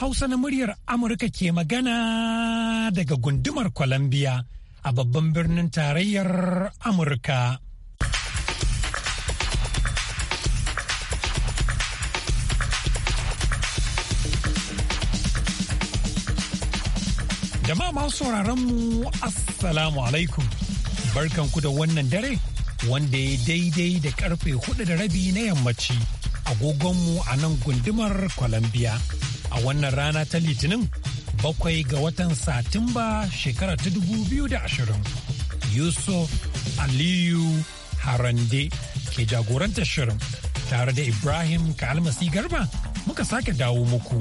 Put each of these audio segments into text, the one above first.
Hausa na muryar Amurka ke magana daga gundumar Columbia a babban birnin tarayyar Amurka. Jama'a masu mu Assalamu alaikum. Barkanku da wannan dare wanda ya daidai da karfe hudu da rabi na yammaci agogonmu a nan gundumar Columbia. a wannan rana ta litinin bakwai ga watan satumba shekara ta dubu biyu da ashirin yusuf aliyu harande ke jagorantar shirin tare da ibrahim kalmasi garba muka sake dawo muku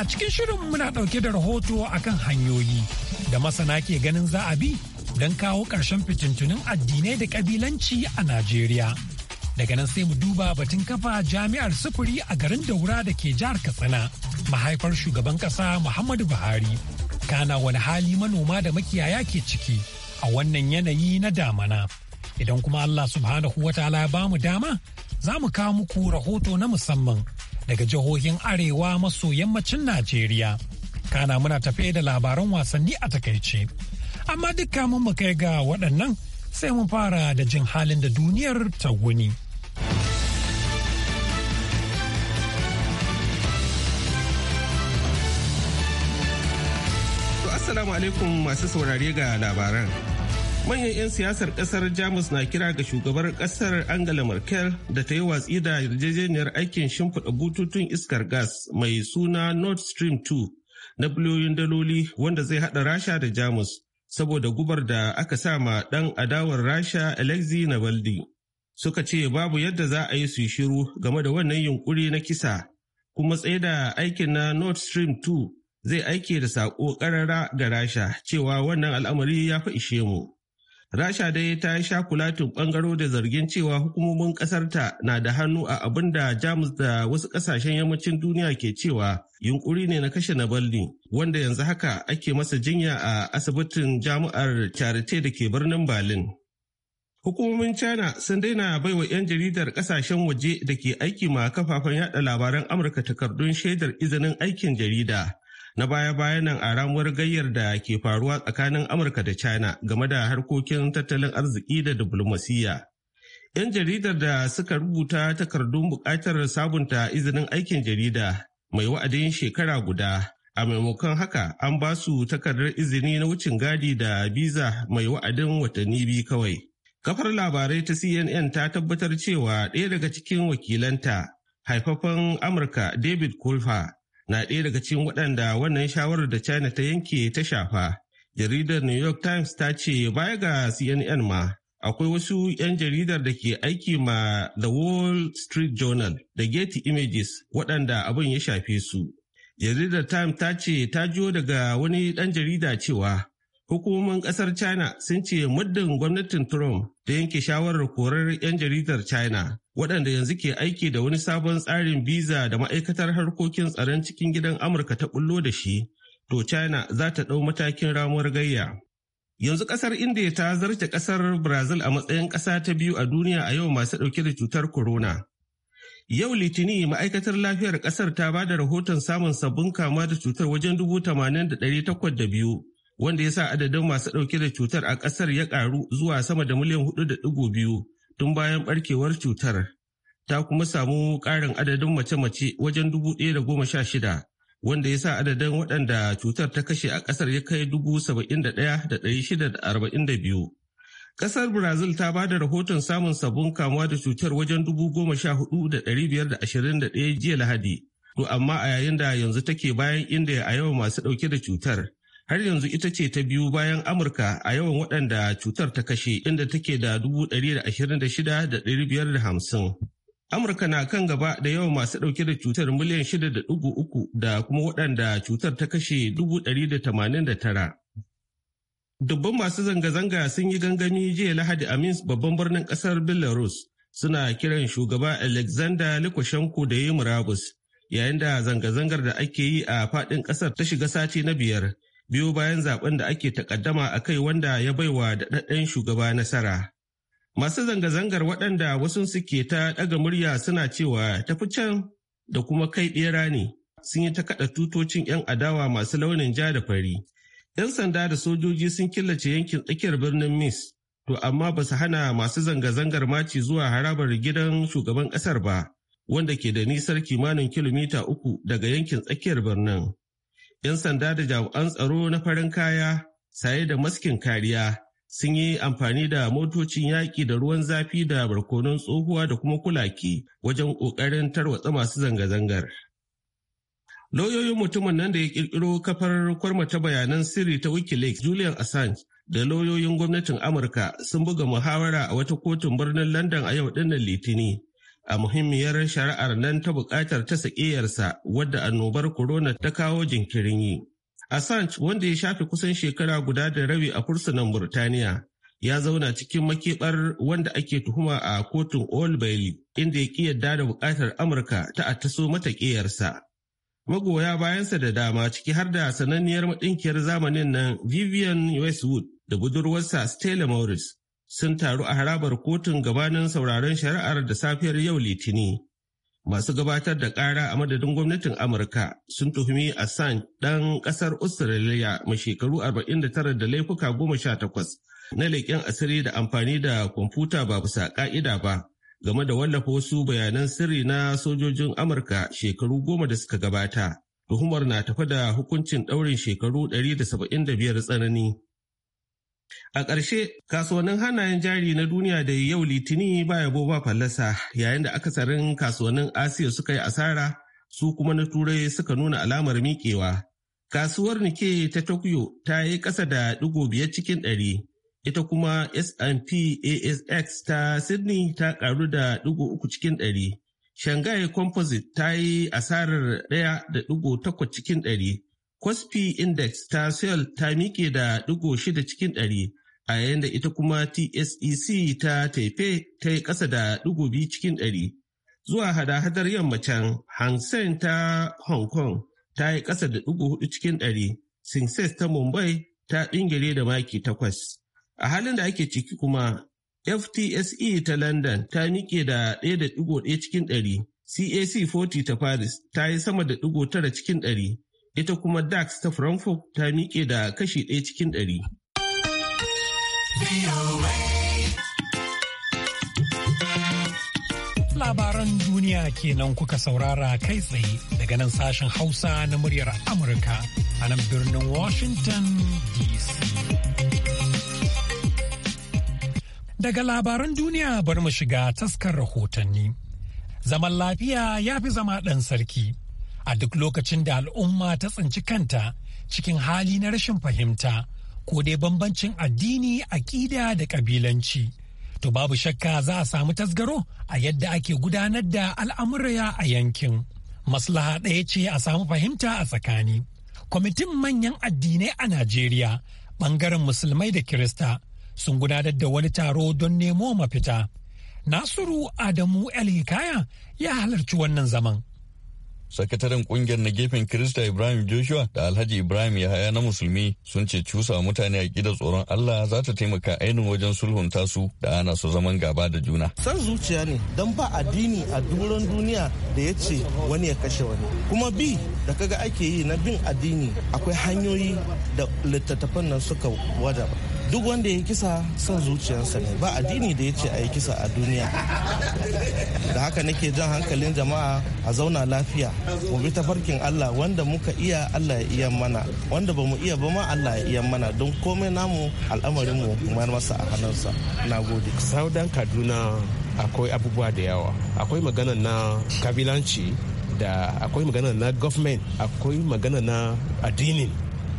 a cikin shirin muna ɗauke da rahoto akan hanyoyi da masana ke ganin za a bi don kawo ƙarshen fitintunin addinai da ƙabilanci a najeriya daga nan sai mu duba batun kafa jami'ar sufuri a garin daura da ke jihar katsina mahaifar shugaban kasa muhammadu buhari kana wani hali manoma da makiyaya ke ciki a wannan yanayi na damana idan kuma allah subhanahu taala ya bamu dama za mu kawo muku rahoto na musamman daga jihohin arewa maso yammacin najeriya kana muna tafe da labaran wasanni a takaice amma dukkan mun mu kai ga waɗannan sai mun fara da jin halin da duniyar ta wuni. Assalamu alaikum masu saurare ga labaran. Manyan 'yan siyasar kasar Jamus na kira ga shugabar kasar Angela Merkel da ta yi watsi da yarjejeniyar aikin shimfiɗa bututun iskar gas mai suna Nord Stream 2 na biliyoyin daloli wanda zai haɗa Rasha da Jamus saboda gubar da aka sama ma ɗan adawar Rasha Alexei Navalny. suka ce babu yadda za a yi su shiru game da wannan yunkuri na kisa kuma tsaye da aikin na Nord Stream 2 zai aike da saƙo ƙarara ga Rasha cewa wannan al'amari ya fi ishe mu. Rasha dai ta yi sha kulatin bangaro da zargin cewa hukumomin ƙasarta na da hannu a abin da Jamus da wasu ƙasashen yammacin duniya ke cewa yunkuri ne na kashe Navalny wanda yanzu haka ake masa jinya a asibitin jami'ar Charité da ke birnin Berlin. hukumomin china sun daina baiwa 'yan jaridar kasashen waje da ke aiki ma kafafen yada labaran amurka takardun shaidar izinin aikin jarida na baya-bayan nan a ramuwar gayyar da ke faruwa tsakanin amurka da china game da harkokin tattalin arziki da diplomasiya. 'yan jaridar da suka rubuta takardun bukatar sabunta izinin aikin jarida mai wa'adin shekara guda a maimakon haka an ba su takardar izini na wucin gadi da biza mai wa'adin watanni biyu kawai Kafar labarai ta CNN ta tabbatar cewa ɗaya daga cikin wakilanta haifafan Amurka David Kulfa na ɗaya daga cikin waɗanda wannan shawarar da China ta yanke ta shafa. Jaridar New York Times ta ce baya ga CNN ma akwai wasu 'yan jaridar da ke aiki ma The Wall Street Journal da Getty Images waɗanda abin ya shafe su. Jaridar Time ta ce ta jiyo daga wani ɗan jarida cewa Hukumomin ƙasar China sun ce muddin gwamnatin Trump da yanke shawarar korar 'yan jaridar China waɗanda yanzu ke aiki da wani sabon tsarin biza da ma'aikatar harkokin tsaron cikin gidan Amurka ta bullo da shi, to China za ta ɗau matakin ramuwar gayya. Yanzu ƙasar India ta zarce kasar Brazil a matsayin ƙasa ta biyu a duniya a yau masu ɗauke da cutar corona. Yau Litini ma'aikatar lafiyar ƙasar ta ba da rahoton samun sabbin kama da cutar wajen dubu tamanin da ɗari takwas da biyu wanda ya sa adadin masu ɗauke da cutar a ƙasar ya ƙaru zuwa sama da miliyan da biyu tun bayan ɓarkewar cutar. Ta kuma samu ƙarin adadin mace-mace wajen dubu da goma sha shida wanda ya sa adadin waɗanda cutar ta kashe a ƙasar ya kai dubu saba'in da da da da shida arba'in biyu. Ƙasar Brazil ta ba da rahoton samun sabon kamuwa da cutar wajen dubu goma sha hudu da da da biyar ashirin ɗaya jiya Lahadi. To amma a yayin da yanzu take bayan inda a yawan masu ɗauke da cutar. har yanzu ita ce ta biyu bayan amurka a yawan waɗanda cutar ta kashe inda take da 126,550 amurka na kan gaba da yawan masu ɗauke da cutar miliyan 6.3 da kuma waɗanda cutar ta kashe tara. dubban masu zanga-zanga sun yi gangami jiya lahadi a minsk babban birnin ƙasar belarus suna kiran shugaba alexander lukashenko da yi murabus yayin da zanga-zangar da ake yi a faɗin ƙasar ta shiga sati na biyar biyo bayan zaben da ake takaddama a kai wanda ya baiwa daɗaɗɗen shugaba nasara. Masu zanga-zangar waɗanda wasu suke ta ɗaga murya suna cewa tafi can da kuma kai ɗera ne sun yi ta kaɗa tutocin 'yan adawa masu launin ja da fari. 'Yan sanda da sojoji sun killace yankin tsakiyar birnin Mis, to amma ba su hana masu zanga-zangar maci zuwa harabar gidan shugaban ƙasar ba, wanda ke da nisar kimanin kilomita uku daga yankin tsakiyar birnin. 'yan sanda da jami'an tsaro na farin kaya saye da maskin kariya sun yi amfani da motocin yaƙi da ruwan zafi da barkonon tsohuwa da kuma kulaki wajen ƙoƙarin tarwatsa masu zanga-zangar. Lauyoyin mutumin nan da ya ƙirƙiro kafar kwarmata bayanan sirri ta Wikileaks Julian Assange da lauyoyin gwamnatin Amurka sun buga muhawara a wata kotun birnin London a yau dinnan Litini a muhimmiyar shari'ar nan ta bukatar ta sakiyarsa wadda annobar corona ta kawo jinkirin yi. Assange wanda ya shafe kusan shekara guda da rabi a kursunan Burtaniya ya zauna cikin makebar wanda ake tuhuma a kotun Old Bailey inda ya kiyarda da bukatar Amurka ta attaso mata kiyarsa. Magoya bayansa da dama ciki har da sananniyar madinkiyar zamanin nan Vivian Westwood da budurwarsa Stella Morris sun taru a harabar kotun gabanin sauraron shari'ar da safiyar yau litini. Masu gabatar da ƙara a madadin gwamnatin Amurka sun tuhumi Assange ɗan ƙasar Australia mai shekaru 49 da laifuka goma 18 na leƙen asiri da amfani da kwamfuta ba bisa ƙa'ida ba game da wallafa wasu bayanan sirri na sojojin Amurka shekaru goma da suka gabata. Tuhumar na tafi da hukuncin ɗaurin shekaru 175 tsanani. A ƙarshe kasuwannin hannayen jari na duniya da yau litini ba yabo ba fallasa yayin da akasarin kasuwannin Asiya suka yi asara su kuma na turai suka nuna alamar miƙewa. Kasuwar Nike ta Tokyo ta yi ƙasa da ɗigo biyar cikin ɗari, ita kuma S&P ASX ta Sydney ta ƙaru da ɗigo uku cikin ɗari. Shanghai Composite ta yi asarar ɗaya da ɗigo takwas cikin ɗari. Kospi Index ta sel ta miƙe da ɗigo shida cikin ɗari, a yayin da ita kuma TSEC ta Taife ta yi ƙasa da ɗigo biyu cikin ɗari. Zuwa hada-hadar yammacin Hang Seng ta Hong Kong ta yi ƙasa da ɗigo hudu cikin ɗari, Sensex ta Mumbai ta ɗingire da maki takwas. A halin da ake ciki kuma FTSE ta London ta miƙe da ɗaya da ɗigo ɗaya cikin ɗari, CAC 40 ta Paris ta yi sama da ɗigo tara cikin ɗari. ita kuma dax ta frankfurt ta miƙe da kashi ɗaya cikin ɗari. labaran duniya kenan kuka saurara kai tsaye daga nan sashen hausa na muryar amurka a nan birnin washington dc daga labaran duniya bari mu shiga taskar rahotanni zaman lafiya ya fi zama ɗan sarki a duk lokacin da al'umma ta tsinci kanta cikin hali na rashin fahimta ko dai bambancin addini aƙida da ƙabilanci to babu shakka za a samu tasgaro a yadda ake gudanar da al'amurya a yankin maslaha ɗaya ce a samu fahimta a tsakani kwamitin manyan addinai a najeriya ɓangaren musulmai da kirista sun gudanar da wani taro don nemo mafita nasiru adamu el hikaya ya halarci wannan zaman sakataren kungiyar na gefen Kirista Ibrahim Joshua da Alhaji Ibrahim Yahaya na Musulmi sun ce cusa mutane a kida tsoron Allah za ta taimaka ainihin wajen sulhunta su da ana su zaman gaba da juna. San zuciya ne don ba addini a duran duniya da ya ce wani ya kashe wani. Kuma bi da kaga ake yi na bin addini akwai hanyoyi da littattafan nan suka wajaba. duk wanda ya kisa son zuciyarsa ne ba addini da ya ce a yi kisa a duniya da haka nake jan hankalin jama'a a zauna lafiya mu bi tafarkin allah wanda muka iya allah ya iya mana wanda ba mu iya ba ma allah ya iya mana don komai namu al'amarin mu mayar masa a hannunsa na gode saudan kaduna akwai abubuwa da yawa akwai magana na kabilanci da akwai magana na government akwai magana na addinin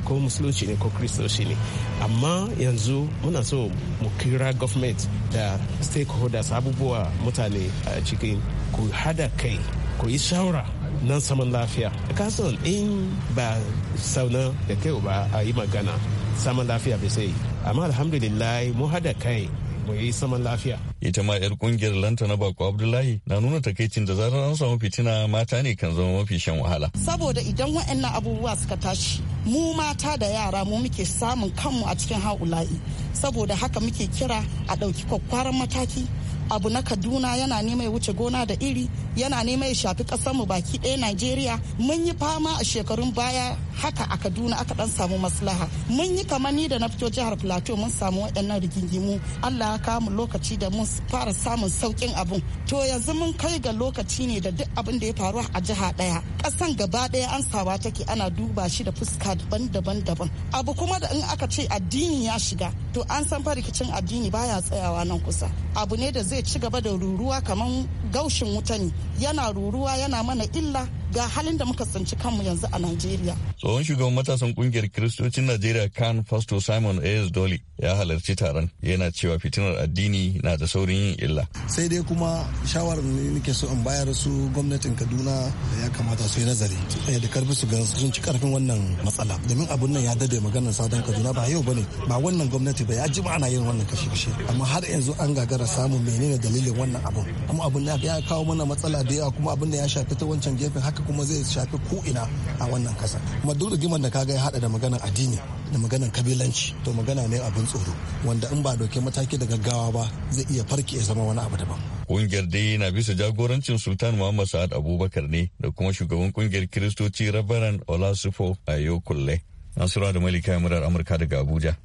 ko musulunci ne ko kristoshi ne amma yanzu muna so mu kira government da stakeholders abubuwa mutane a cikin ku hada kai ku yi shawara nan saman lafiya kasan in ba sauna da kai ba a yi magana saman lafiya bai sai amma alhamdulillah mu hada kai mu yi saman lafiya. Ita ma 'yar kungiyar lanta na bako Abdullahi na nuna takaicin da zarar an samu fitina mata ne kan zama mafi shan wahala. Saboda idan waɗannan abubuwa suka tashi mu mata da yara mu muke samun kanmu a cikin haula'i saboda haka muke kira a ɗauki kwakwaran mataki abu na kaduna yana nema ya wuce gona da iri yana nema ya shafi mu baki ɗaya najeriya mun yi fama a shekarun baya haka a kaduna aka dan samu maslaha mun yi kamar ni da na fito jihar plateau mun samu waɗannan rigingimu allah ya kawo mu lokaci da mun fara samun saukin abun to yanzu mun kai ga lokaci ne da duk abin da ya faru a jiha ɗaya ƙasan gaba ɗaya an sawa take ana duba shi da fuska daban-daban daban abu kuma da in aka ce addini ya shiga to an san rikicin addini baya tsayawa nan kusa abu ne da zai ci gaba da ruruwa kamar gaushin wuta ne yana ruruwa yana mana illa ga halin da muka tsinci kanmu yanzu a Najeriya. Tsohon shugaban matasan kungiyar Kiristocin Najeriya kan Pastor Simon A.S. Dolly ya halarci taron yana cewa fitinar addini na da saurin yin illa. Sai dai kuma shawarar ne nake so in bayar su gwamnatin Kaduna ya kamata su yi nazari eh, da karfi su ga sun ci karfin wannan matsala. Domin abun nan ya dade maganar sadan Kaduna ba yau bane ba wannan gwamnati ba ya ji ana yin wannan kashe-kashe amma har yanzu an gagara samun menene dalilin wannan abun kuma abun ya kawo mana matsala da yawa kuma abun da ya shafi ta wancan gefen haka haka kuma zai shafi ko'ina a wannan kasa kuma duk rigimar da kaga ya hada da maganar addini da maganar kabilanci to magana ne abin tsoro wanda in ba doke mataki da gaggawa ba zai iya farki ya zama wani abu daban Kungiyar dai na bisa jagorancin Sultan Muhammad Sa'ad Abubakar ne da kuma shugaban kungiyar Kiristoci Rabaran Olasufo Ayokulle. Nasura da Malika murar Amurka daga Abuja,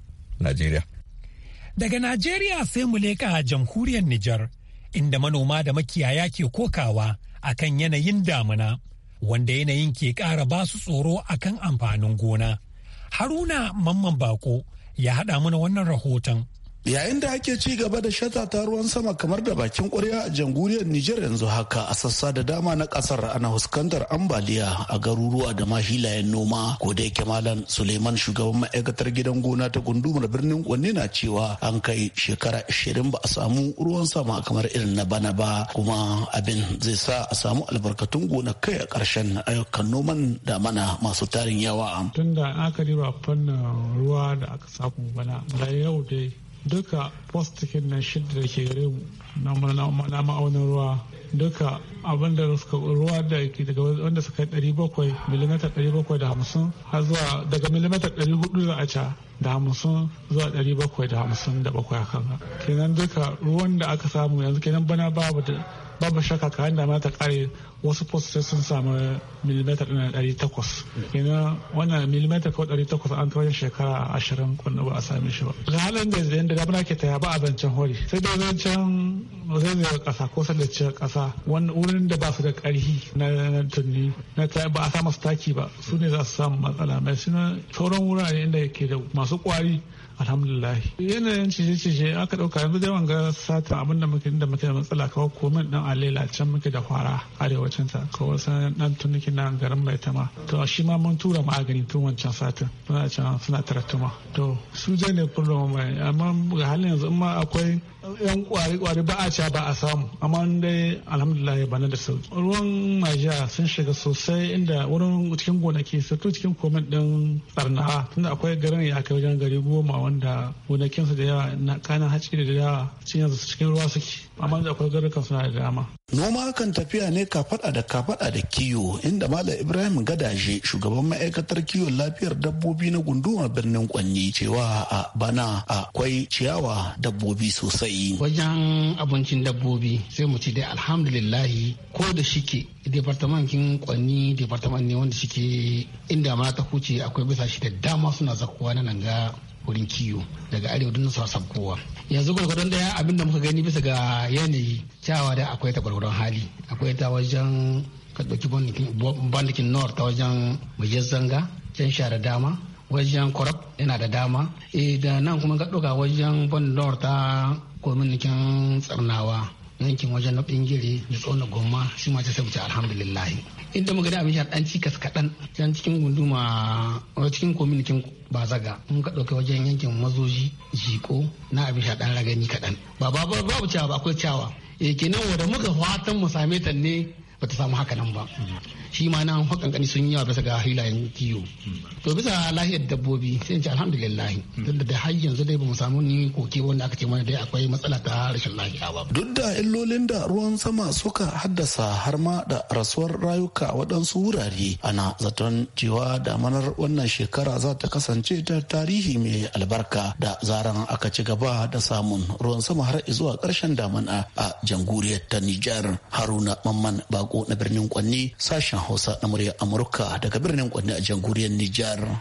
Najeriya. Daga Najeriya sai mu leƙa jamhuriyar Nijar, inda manoma da makiyaya ke kokawa akan yanayin damuna. wanda yanayin ke ƙara ba su tsoro akan amfanin gona. Haruna Mamman Bako ya haɗa mana wannan rahoton. yayin da ake ci gaba da ta ruwan sama kamar da bakin kwarya a jamhuriyar Nijar yanzu haka a sassa da dama na kasar ana fuskantar ambaliya a garuruwa da ma hilayen noma ko da yake malam Suleiman shugaban ma'aikatar gidan gona ta gundumar birnin Kwanne na cewa an kai shekara 20 ba a samu ruwan sama kamar irin na bana ba kuma abin zai sa a samu albarkatun gona kai a karshen ayyukan noman da mana masu tarin yawa. Tunda aka ruwa da aka samu bana yau dai duka cikin na shida da ke gare mu na ma'aunin ruwa duka abin da suka ruwa da daga wanda suka 700 mm 750 har zuwa daga mm 400 za a ca da hamsin zuwa ɗari bakwai da hamsin da bakwai a kan kenan duka ruwan da aka samu yanzu kenan bana babu da babu shaka ka handa mata kare wasu post sun samu milimetar ɗin ɗari takwas kenan wannan milimetar ko ɗari takwas an tawajen shekara ashirin kunna ba a sami shi ba ga halin da da damuna ke taya ba a zancen hori sai da zancen zaizayar ƙasa ko sadaciyar ƙasa wani wurin da ba su da ƙarhi na tunni na ba a sa masu taki ba su ne za su samu matsala mai suna sauran wurare inda ke da masu ƙwari alhamdulillah yanayin cije-cije aka dauka yanzu da wanga ga sata abin da muke da muke matsala kawo komen dan alela can muke da fara arewacin ta ko wasan dan tuniki na garin mai tama to shi ma mun tura magani tun wancan satin suna can suna tarattuma to su je ne kullum mai amma ga halin yanzu ma akwai yan kwari-kwari ba a ca ba a samu amma dai alhamdulillah bana da sauki ruwan majiya sun shiga sosai inda wurin cikin gonaki su cikin komen din tsarnawa tunda akwai garin ya kai wajen gari goma wanda gonakinsu da yawa na kanan haske da yawa su cikin ruwa suke amma da akwai garukan suna da dama. Noma kan tafiya ne kafaɗa da kafaɗa da kiwo inda Malam Ibrahim Gadaje shugaban ma'aikatar kiwon lafiyar dabbobi na gunduma birnin Kwanni cewa a bana akwai ciyawa dabbobi sosai. Wajen abincin dabbobi sai mu ci dai alhamdulillahi ko da shike departamentin Kwanni departament ne wanda shike inda ma ta huce akwai bisa shi da dama suna zakuwa na nan ga wurin kiwo daga arewa don sa sabkowa yanzu gwargwadon daya abin da muka gani bisa ga yanayi cewa da akwai ta gwargwadon hali akwai ta wajen ka ɗauki bandikin north ta wajen majiyar zanga can share dama wajen korab yana da dama eh, da nan kuma ga ɗauka wajen bandikin north ta kominikin tsarnawa yankin wajen na bingire da tsona gomma shi ma ta sabta alhamdulillah inda muka da abin sha dan cikas kaɗan can cikin gunduma cikin kominikin bazaga mun ka ɗauki wajen yankin mazoji jiko na abin sha dan ragani kaɗan ba babu cewa ba akwai cewa e eh, kenan wanda muka fatan mu same ta ne bata samu haka nan ba shi ma na hakan sun yi wa bisa ga hilayen kiwo to bisa lahiyar dabbobi sai ce alhamdulillah duk da har yanzu dai bamu samu ni koke wanda aka ce mana dai akwai matsala ta rashin lafiya ba duk da illolin da ruwan sama suka haddasa har ma da rasuwar rayuka waɗansu wurare ana zaton cewa damanar wannan shekara za ta kasance ta tarihi mai albarka da zaran aka ci gaba da samun ruwan sama har zuwa ƙarshen damana a jamhuriyar ta Nijar Haruna Mamman Bako na birnin Kwanni sashen Hausa na murya Amurka daga birnin Kwanne a jamhuriyar Nijar.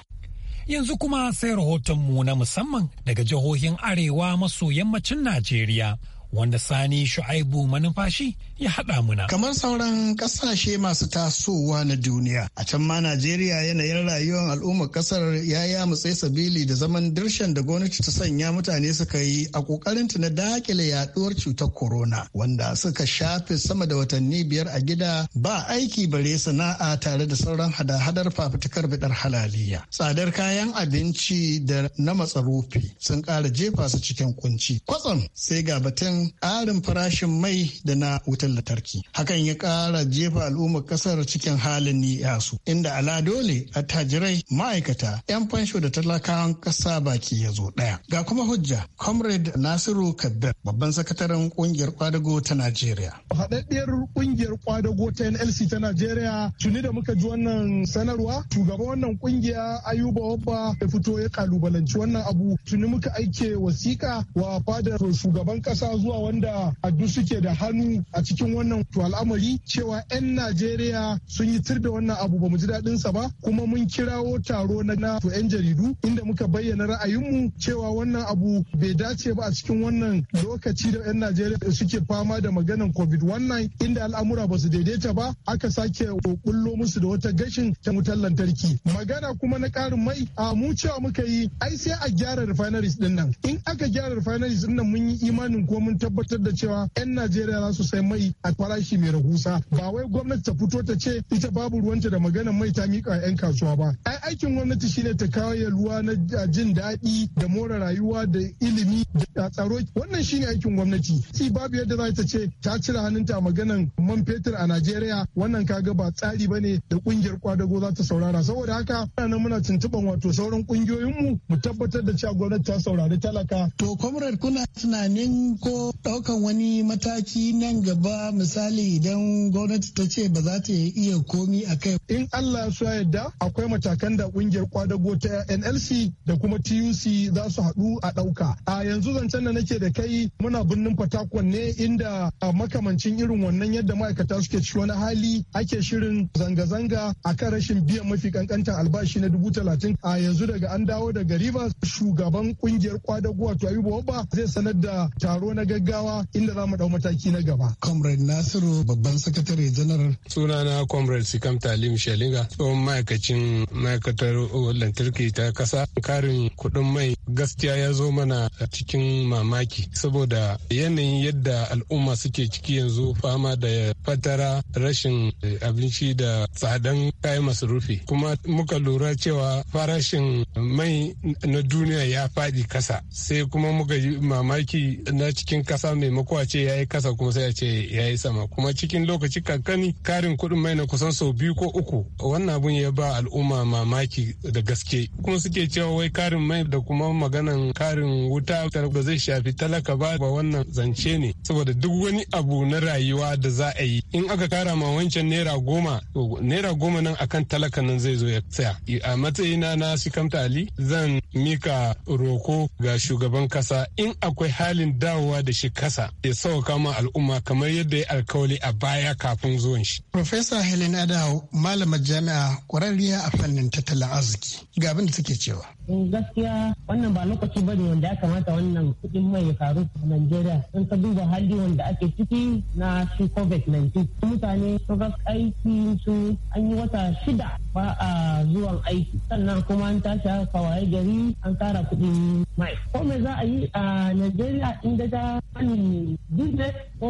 Yanzu kuma sai rahotonmu na musamman daga jihohin Arewa maso yammacin Najeriya wanda sani shu'aibu manufashi ya haɗa muna. Kamar sauran ƙasashe masu tasowa na duniya, a can ma Najeriya yanayin rayuwar al'ummar ƙasar ya yamutse sabili da zaman dirshan da gwamnati ta sanya mutane suka yi a ƙoƙarinta na dakile yaɗuwar cutar corona, wanda suka shafe sama da watanni biyar a gida ba aiki bare sana'a tare da sauran hada-hadar fafutukar bidar halaliya. Tsadar kayan abinci da na matsarufi sun ƙara jefa su cikin kunci. Kwatsam sai ga batun akan farashin mai da na wutar lantarki. Hakan ya ƙara jefa al'ummar ƙasar cikin halin yasu inda ala dole attajirai ma'aikata 'yan fansho da talakawan ƙasa baki ya zo ɗaya. Ga kuma hujja Comrade Nasiru Kabir babban sakataren ƙungiyar kwadago ta Najeriya. Haɗaɗɗiyar ƙungiyar kwadago ta NLC ta Najeriya tuni da muka ji wannan sanarwa shugaban wannan ƙungiya Ayuba Wabba ya fito ya kalubalanci wannan abu tuni muka aike wasiƙa wa fadar shugaban ƙasa zuwa abubuwa wanda addu suke da hannu a cikin wannan al'amari cewa 'yan Najeriya sun yi tir da wannan abu ba mu ji daɗin sa ba kuma mun kirawo taro na na 'yan jaridu inda muka bayyana ra'ayin mu. cewa wannan abu bai dace ba a cikin wannan lokaci da 'yan Najeriya suke fama da maganan COVID-19 inda al'amura ba su daidaita ba aka sake kullo musu da wata gashin ta wutar lantarki. Magana kuma na ƙarin mai a mu cewa muka yi ai sai a gyara refineries din nan. In aka gyara refineries din nan mun yi imanin ko mun tabbatar da cewa 'yan Najeriya za su sai mai a farashi mai rahusa ba wai gwamnati ta fito ta ce ita babu ruwanta da maganar mai ta miƙa 'yan kasuwa ba. Ai aikin gwamnati shine ta kawo yalwa na jin daɗi da more rayuwa da ilimi da tsaro wannan shine aikin gwamnati. Si babu yadda za ta ce ta cire hannunta a maganar man fetur a Najeriya wannan kaga ba tsari ba ne da kungiyar kwadago za ta saurara saboda haka nan muna tuntuban wato sauran ƙungiyoyinmu mu tabbatar da cewa gwamnati ta saurari talaka. To comrade kuna tunanin ko daukan wani mataki nan gaba misali idan gwamnati ta ce ba za ta iya komi a kai. In Allah su yadda akwai matakan da kungiyar kwadago ta NLC da kuma TUC za su haɗu a ɗauka. A yanzu zancen da nake da kai muna birnin Fatakwal ne inda makamancin irin wannan yadda ma'aikata suke ci wani hali ake shirin zanga-zanga a kan rashin biyan mafi kankantar albashi na dubu talatin. A yanzu daga an dawo daga Rivers shugaban kungiyar kwadago wato Ayuba ba zai sanar da taro na gaggawa inda za mu dau mataki na gaba. Comrade Nasiru babban sakatare janar. Sunana Comrade Sikam Talim Shalinga tsohon ma'aikacin ma'aikatar lantarki ta kasa karin kuɗin mai gaskiya ya zo mana cikin mamaki saboda yanayin yadda al'umma suke ciki yanzu fama da fatara rashin eh, abinci da tsadan kayan masarufi kuma muka lura cewa farashin mai na duniya ya faɗi kasa sai kuma muka yi mamaki na cikin kuɗin kasa maimako a ce ya yi kasa kuma sai a ce ya yi sama kuma cikin lokaci kankani karin kuɗin mai na kusan sau biyu ko uku wannan abun ya ba al'umma mamaki da gaske kuma suke cewa wai karin mai da kuma maganan karin wuta ba zai shafi talaka ba ba wannan zance ne saboda duk wani abu na rayuwa da za a yi in aka kara ma wancan naira goma naira goma nan akan talaka nan zai zo ya tsaya a matsayina na sikamta ali zan mika roko ga shugaban kasa in akwai halin dawowa da da shi kasa ya sauka ma al'umma kamar yadda ya alkawali a baya kafin zuwan shi. Profesa Helen Adahu malamar jami'a kwararriya a fannin tattalin arziki ga abin da take cewa. Gaskiya wannan ba lokaci ba ne wanda ya kamata wannan kuɗin mai ya faru a Najeriya in ka duba hali wanda ake ciki na shi COVID-19. Mutane sun ga aiki su an yi wata shida ba a zuwan aiki sannan kuma an tashi a kawai gari an kara kuɗin mai. Ko me za a yi a Najeriya inda ta tsammanin business ko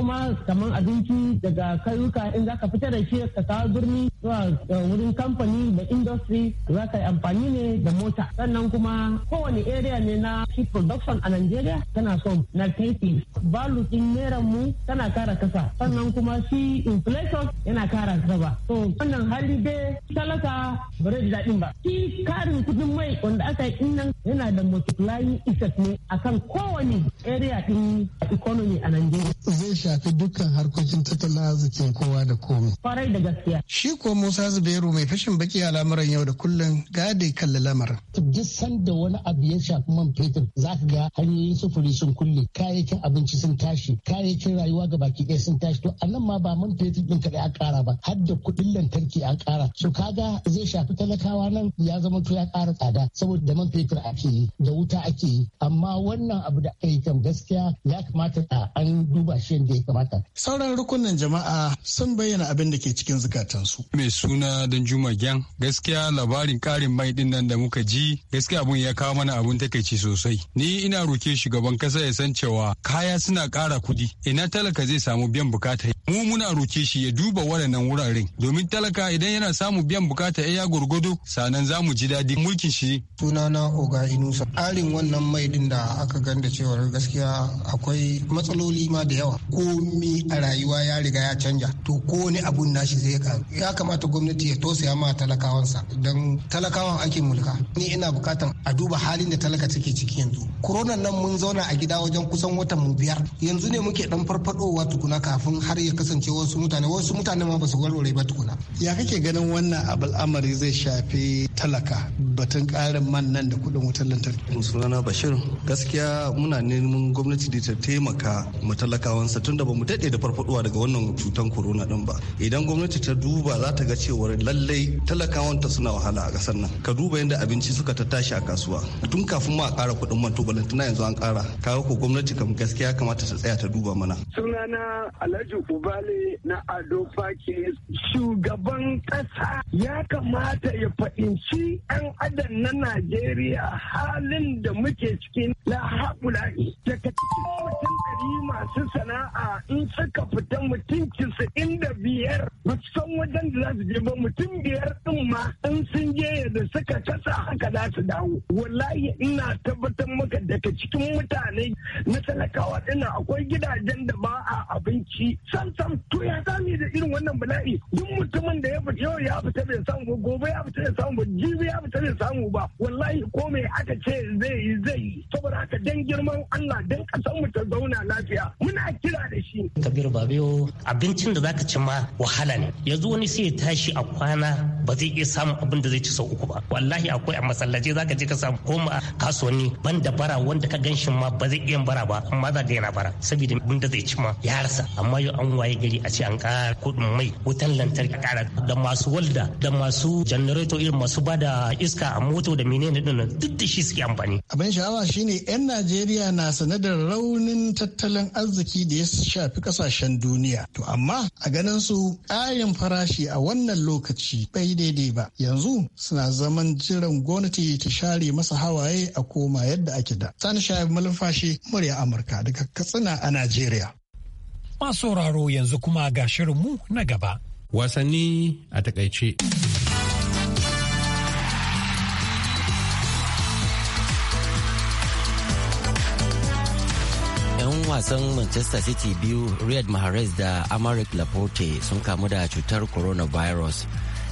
kamar abinci daga kayuka in za ka fita da shi ka kawo birni zuwa eh, wurin kamfani da industry za ka yi amfani ne da mota sannan kuma kowane area ne na shi production a Nigeria tana son na tafi value din naira mu tana kara kasa sannan kuma shi inflation yana kara gaba to wannan hali dai talaka ba zai daɗin ba shi karin kudin mai wanda aka yi innan. yana da multiplying effect ne akan kowane area din economy a Najeriya. Zai shafi dukkan harkokin tattalin arzikin kowa da komi. Kwarai da gaskiya. Shi ko Musa Zubairu mai fashin baki a lamuran yau da kullum gade kalli lamarin. Duk sanda wani abu ya shafi man fetur za ka ga hanyoyin sufuri sun kulle kayayyakin abinci sun tashi kayayyakin rayuwa ga baki ɗaya sun tashi to a nan ma ba man fetur ɗin kaɗai an ƙara ba har da kuɗin lantarki an ƙara. So kaga zai shafi talakawa nan ya zama to ya ƙara tsada saboda man fetur ake yi da wuta ake yi amma wannan abu da ake gaskiya ya kamata a an duba shi yadda ya kamata. Sauran rukunin jama'a sun bayyana abin da ke cikin zukatansu. Mai suna don Juma Gyan gaskiya labarin karin mai din nan da muka ji gaskiya abun ya kawo mana abun takaici sosai. Ni ina roke shugaban kasa ya san cewa kaya suna kara kudi ina talaka zai samu biyan bukata mu muna roke shi ya duba waɗannan wuraren domin talaka idan yana samu biyan bukata ya gurgudu sanan za mu ji daɗi mulkin shi. na Oga Inusa. Tsarin wannan mai din da aka ganda cewa gaskiya akwai matsaloli ma da yawa. Komi a rayuwa ya riga ya canja. To ko ne abun nashi zai karu. Ya kamata gwamnati ya tosaya ma talakawansa don talakawan ake mulka. Ni ina bukatan a duba halin da talaka take ciki yanzu. Koronan nan mun zauna a gida wajen kusan watan mu biyar. Yanzu ne muke dan farfadowa tukuna kafin har ya kasance wasu mutane wasu mutane ma ba su warware ba tukuna ya kake ganin wannan al'amari zai shafi talaka batun karin man nan da kudin wutar lantarki sunana bashir gaskiya muna neman gwamnati da ta taimaka mu talakawansa tunda da bamu daɗe da farfaduwa daga wannan cutan corona din ba idan gwamnati ta duba za ta ga cewar lallai talakawanta suna wahala a kasar nan ka duba yadda abinci suka ta tashi a kasuwa tun kafin ma a ƙara kuɗin man to balantana yanzu an ƙara kawo ko gwamnati kam gaskiya kamata ta tsaya ta duba mana sunana alhaji bale na Ado Fake shugaban ƙasa ya kamata ya fahimci 'yan adam na Najeriya halin da muke cikin lahaɓula'i daga cikin mutum ɗari masu sana'a in suka fita mutum casa'in da biyar ba san wajen da za su je ba mutum biyar ɗin ma in sun je da suka kasa haka za su dawo wallahi ina tabbatar maka daga cikin mutane na talakawa ɗina akwai gidajen da ba a abinci san sam to ya sami da irin wannan bala'i duk mutumin da ya fita yau ya fita bai samu ba gobe ya fita bai samu ba jibi ya fita bai samu ba wallahi ko me aka ce zai yi zai yi saboda haka dan girman Allah dan kasan mu ta zauna lafiya muna kira da shi kabir babiyo abincin da zaka ci ma wahala ne yanzu wani sai ya tashi a kwana ba zai iya samun abin da zai ci sau uku ba wallahi akwai a masallaci zaka je ka samu ko ma kasuwanni ban da bara wanda ka ganshin ma ba zai iya bara ba amma za ga yana bara saboda abin da zai ci ma ya rasa amma yau an waye gari a ce an kara kuɗin mai wutan lantarki kara da masu walda da masu janareto irin masu bada iska a moto da menene din duk da shi suke amfani. Abin sha'awa shine 'yan Najeriya na sanadar raunin tattalin arziki da ya shafi kasashen duniya. To amma a ganin su ƙarin farashi a wannan lokaci bai daidai ba. Yanzu suna zaman jiran gwamnati ta share masa hawaye a koma yadda ake da. Sani Shahab Malumfashi murya Amurka daga Katsina a Najeriya. Masu sauraro yanzu kuma ga shirinmu na gaba. Wasanni a takaice. wasan Manchester City biyu Riyad Mahrez da Amaric Laporte sun kamu da cutar coronavirus.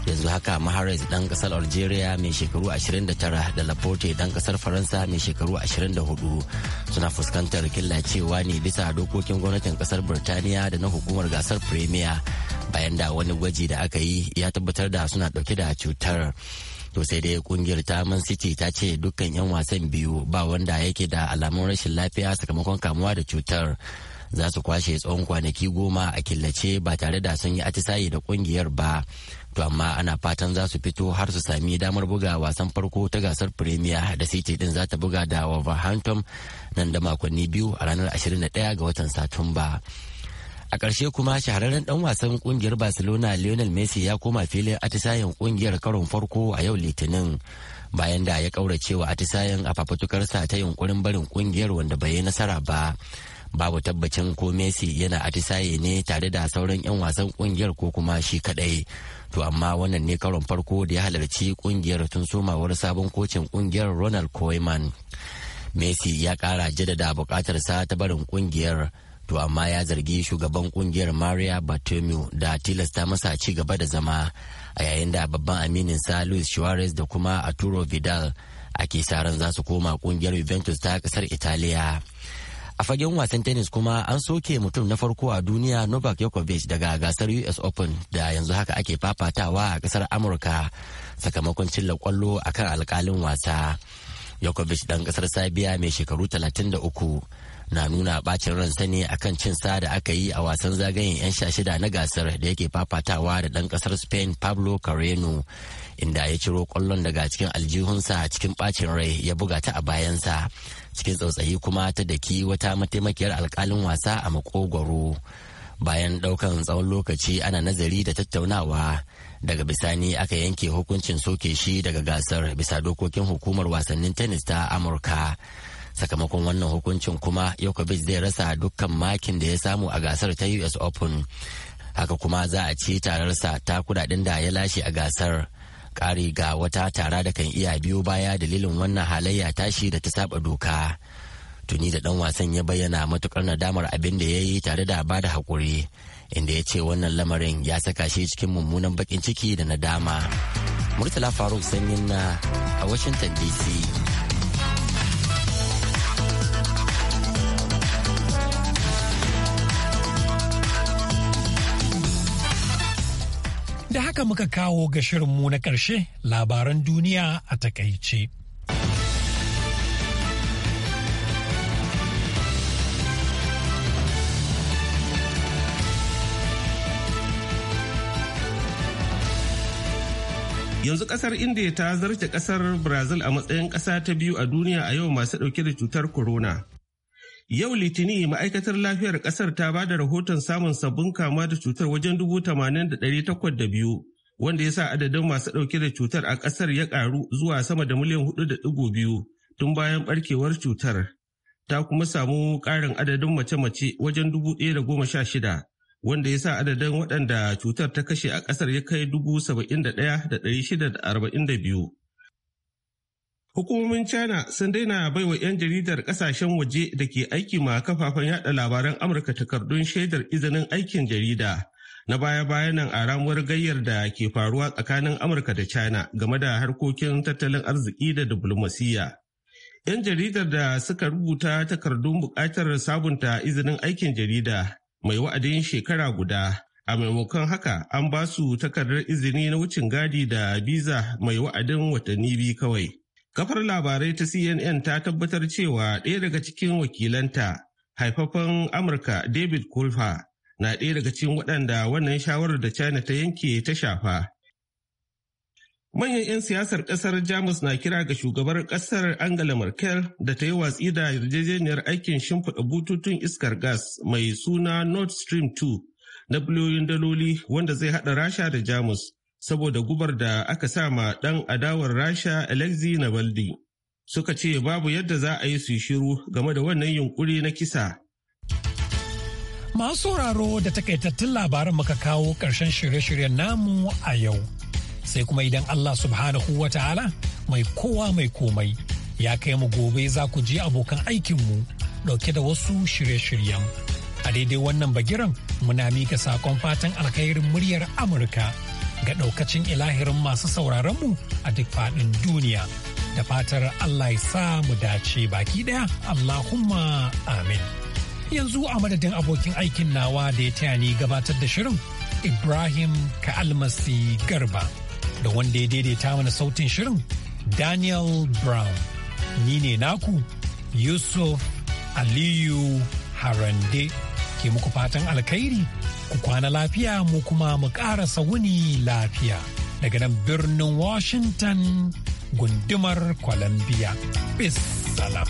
yanzu haka mahrez dan kasar algeria mai shekaru 29 da laporte dan kasar faransa mai shekaru 24 suna fuskantar killacewa ne bisa dokokin gwamnatin kasar birtaniya da na hukumar gasar premier bayan da wani gwaji da aka yi ya tabbatar da suna dauke da cutar to sai dai kungiyar ta man city ta ce dukkan 'yan wasan biyu ba wanda yake da alamun rashin lafiya sakamakon kamuwa da cutar za su kwashe tsawon kwanaki goma a killace ba tare da sun yi atisaye da kungiyar ba to amma ana fatan za su fito har su sami damar buga wasan farko ta gasar premier da city din za ta buga da wolverhampton nan da makonni biyu a ranar 21 ga watan satumba a ƙarshe kuma shahararren ɗan wasan ƙungiyar barcelona lionel messi ya koma filin atisayen ƙungiyar karon farko a yau litinin bayan da ya ƙauracewa atisayen a fafutukarsa ta yunkurin barin ƙungiyar wanda bai yi nasara ba babu tabbacin ko messi yana atisaye ne tare da sauran 'yan wasan kungiyar ko kuma shi kadai to amma wannan ne karon farko da ya halarci kungiyar tun somawar sabon kocin kungiyar ronald koeman messi ya kara jaddada sa ta barin kungiyar to amma ya zargi shugaban kungiyar maria bartomeu da tilasta masa ci gaba da zama a yayin da babban aminin sa luis suarez da kuma arturo vidal ake sa ran za su koma kungiyar juventus ta kasar italiya a fagen wasan tennis kuma an soke mutum na farko a duniya novak Djokovic daga gasar us open da yanzu haka ake fafatawa a kasar amurka sakamakon cilla kwallo akan alkalin wasa Djokovic dan kasar sabiya mai shekaru 33 na nuna bacin ransa ne akan cin sa da aka yi a wasan zagayen 'yan sha shida na gasar da yake fafatawa da ɗan ƙasar spain pablo carreno inda ya ciro kwallon daga cikin aljihunsa cikin bacin rai ya buga ta a bayansa cikin tsautsayi kuma ta daki wata mataimakiyar alkalin wasa a makogwaro bayan ɗaukan tsawon lokaci ana nazari da tattaunawa daga bisani aka yanke hukuncin soke shi daga gasar bisa dokokin hukumar wasannin tennis ta amurka sakamakon wannan hukuncin kuma Yokovic zai rasa dukkan makin da ya samu a gasar ta US Open haka kuma za a ci tararsa ta kudaden da ya lashe a gasar ƙari ga wata tara da kan iya biyo baya dalilin wannan halayya tashi da ta saba doka tuni da dan wasan ya bayyana matukar nadamar abin da ya yi tare da ba da haƙuri inda ya ce wannan lamarin ya saka shi cikin mummunan baƙin ciki da nadama murtala faruk sanyin na a washington dc haka muka kawo ga shirinmu na ƙarshe labaran duniya a takaice. yanzu ƙasar india ta zarce ƙasar brazil a matsayin ƙasa ta biyu a duniya a yau masu ɗauke da cutar corona Yau Litini ma'aikatar lafiyar ƙasar ta ba da rahoton samun sabbin kama da cutar wajen dubu tamanin da ɗari takwas da biyu wanda ya sa adadin masu ɗauke da cutar a ƙasar ya ƙaru zuwa sama da miliyan hudu da ɗigo biyu tun bayan ɓarkewar cutar. Ta kuma samu ƙarin adadin mace-mace wajen dubu ɗaya da goma sha shida wanda ya sa adadin waɗanda cutar ta kashe a ƙasar ya kai dubu saba'in da ɗaya da ɗari shida da arba'in da biyu. Hukumomin China sun daina baiwa 'yan jaridar kasashen waje da ke aiki ma kafafen yada labaran Amurka takardun shaidar izinin aikin jarida na baya-bayan nan a ramuwar gayyar da ke faruwa tsakanin Amurka da China game da harkokin tattalin arziki da diplomasiya. 'Yan jaridar da suka rubuta takardun buƙatar sabunta izinin aikin jarida mai wa'adin shekara guda a maimakon haka an ba su takardar izini na wucin gadi da biza mai wa'adin watanni biyu kawai. Kafar labarai ta CNN ta tabbatar cewa ɗaya daga cikin wakilanta haifafan Amurka David Kulfa na ɗaya daga cikin waɗanda wannan shawarar da China ta yanke ta shafa. Manyan 'yan siyasar ƙasar Jamus na kira ga shugabar ƙasar Angela Merkel da ta yi watsi da yarjejeniyar aikin shimfiɗa bututun iskar gas mai suna Nord Stream 2 na biliyoyin daloli wanda zai haɗa Rasha da Jamus saboda gubar da aka sa ma ɗan adawar Rasha Alexei Navalny. Suka ce babu yadda za a yi su shiru game da wannan yunkuri na kisa. Masu sauraro da takaitattun labaran muka kawo ƙarshen shirye-shiryen namu a yau. Sai kuma idan Allah subhanahu wa ta'ala mai kowa mai komai ya kai mu gobe za ku ji abokan aikinmu ɗauke da wasu shirye-shiryen. A daidai wannan bagiran muna mika saƙon fatan alkhairin muryar Amurka. ga ɗaukacin ilahirin masu sauraronmu a duk faɗin duniya. Da fatar Allah ya sa mu dace baki ɗaya, Allahumma amin. Yanzu a madadin abokin aikin nawa da ya taya ni gabatar da shirin Ibrahim Ka'almasi Garba da wanda ya daidaita mana sautin shirin Daniel Brown. Ni ne naku Yusuf Aliyu Harande ke muku fatan alkhairi. ku kwana lafiya mu kuma mu ƙara wuni lafiya daga nan birnin Washington gundumar Columbia. Peace salam.